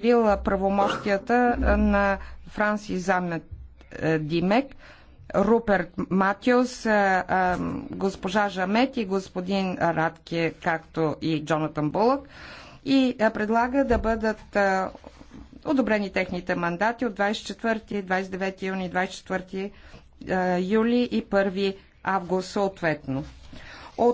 разширила правомощията на Франси Замет Димек, Руперт Матиус, госпожа Жамет и господин Радке, както и Джонатан Булък. И предлага да бъдат одобрени техните мандати от 24, 29 юни, 24 юли и 1 август съответно.